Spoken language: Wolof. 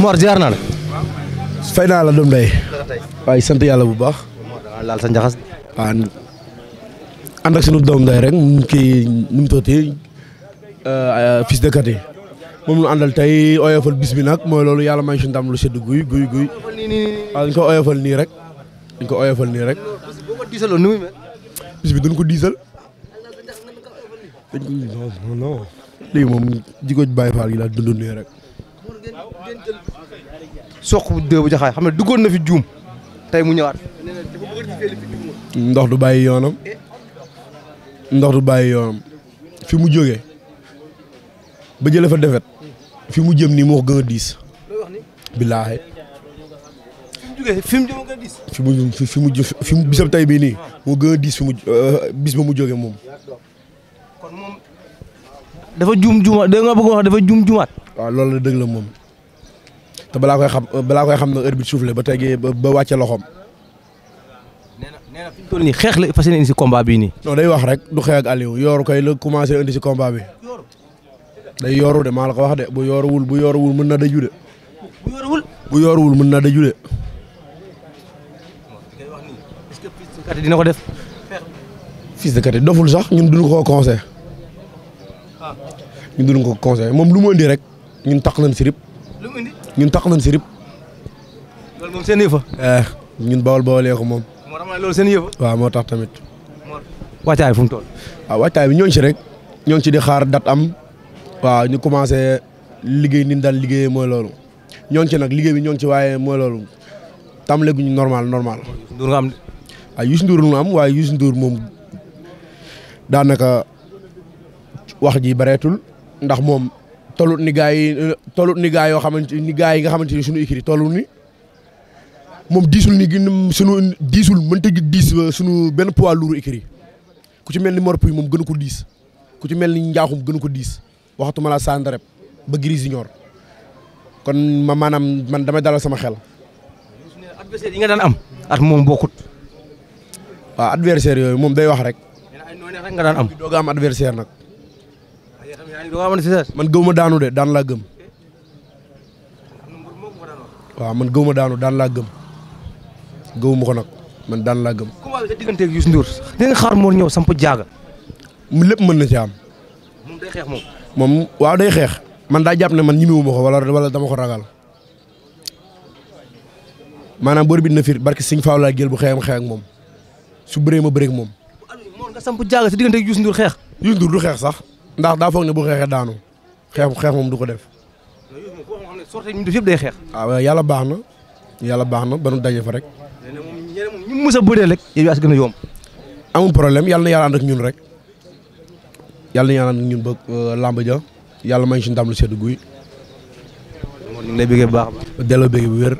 Mor jaar naa la. fay naa la doom day waaye sant yàlla bu baax. laal sa njaxas. sunu doom day rek mu kii nu mu tooti euh, fils de Katy moom la àndal tey oyofal bis bi nag mooy loolu yàlla may si ndam lu sedd guy guy guy. waaw dañ ko oyofal nii rek dañ ko oyofal nii rek. bis bi ko diisal. dañ ko non non. lii moom jigéen Baye Fall gi la dund nii rek. soq bu dee jaxaay xam ne duggoon na fi juum tey mu ñëwaat. ndox du bàyyi yoonam ndox du bàyyi yoonam fi mu jóge ba jëlee fa defet fi mu jëm ni moo ko gën diis. billaahi. fi mu jógee fi mu jëm tey bii nii moo gën mu euh, bis ba mu jógee moom. kon dafa juum juumaat waaw loolu la dëgg la moom balaa koy xam balaa koy xam na heure bi soufflé ba tegee ba wàcce loxoom. nee nii xeex la fas yéene indi si combat bi nii. non day wax rek du xeex ak Aliou yooru la commencé indi si combat bi day yooru de maa la ko wax de bu yooruwul bu yooruwul mën na daju de. bu yooruwul bu yooruwul mën na daju de. est de Katy dina ko def. fils doful sax ñun duñu ko conseil. Ah. ñun duñu ko conseil moom lu mu indi rek. ñun takk nañ si rib. ñun tax nañ si rib. seen yëfa. Eh, ñun bawal bawalee ko moom. moo tax seen yëfa. waaw moo tax tamit. wàccaay fu mu toll. Ah, bi ñoo ngi rek. ñoo ngi si di xaar date am. waaw ñu commencé liggéey ni ñu daan liggéeyee mooy loolu. ñoo ngi nag liggéey bi ñoo ngi ci waaye mooy loolu tàmbale guñu normal normal. Ndour nga am. waaw ah, waaye Youssou Ndour moom daanaka wax ji bareetul ndax moom tollut ni gaa yi euh, tollut ni yoo xamante ni yi nga xamante ni suñu écrit tollu ni moom diisul ni suñu diisul mënta gi diis suñu benn poids lourd écrit ku ci mel ni morpuy moom gënu ko diis ku ci mel ni njaaxum gënu ko diis waxatuma la sandareb ba gris junior kon ma maanaam man damay dalal sama xel adversaire nga daan am at moom bokkut waa adversaire yooyu moom day wax rek doog a am adversaire nag man gëw ma daanu de daan laa gëm. waaw man gëw ma daanu daan laa gëm gëw ma ko nag man daan laa gëm. combat bi sa diggante ak Youssou Ndour di nga xaar moo ñëw jaaga. mu lépp mën na ci am. moom xeex moom. moom waaw day xeex. man daa jàpp na man ñimiwu ma ko wala wala dama ko ragal maanaam bor bi na fir barki Sëñ Faaw laa jël bu xeexam xeex moom su bëree ma bëree ak moom. moom jaaga sa diggante ak Youssou xeex. Youssou Ndour du xeex sax. ndax daa foog ne bu xeexee daanu xeex xeex moom du ko def. sorte ah, xeex. yàlla baax na yàlla baax na ba daje fa rek. nee na moom ñeneen ñu mës a bëree rek. yow yàlla na ak ñun rek yàlla na yàlla ànd ak ba euh, làmb ja yàlla may si ndam lu sedd guy. ñu ngi lay bëggee baax a baax. delloo bëggee bu wér.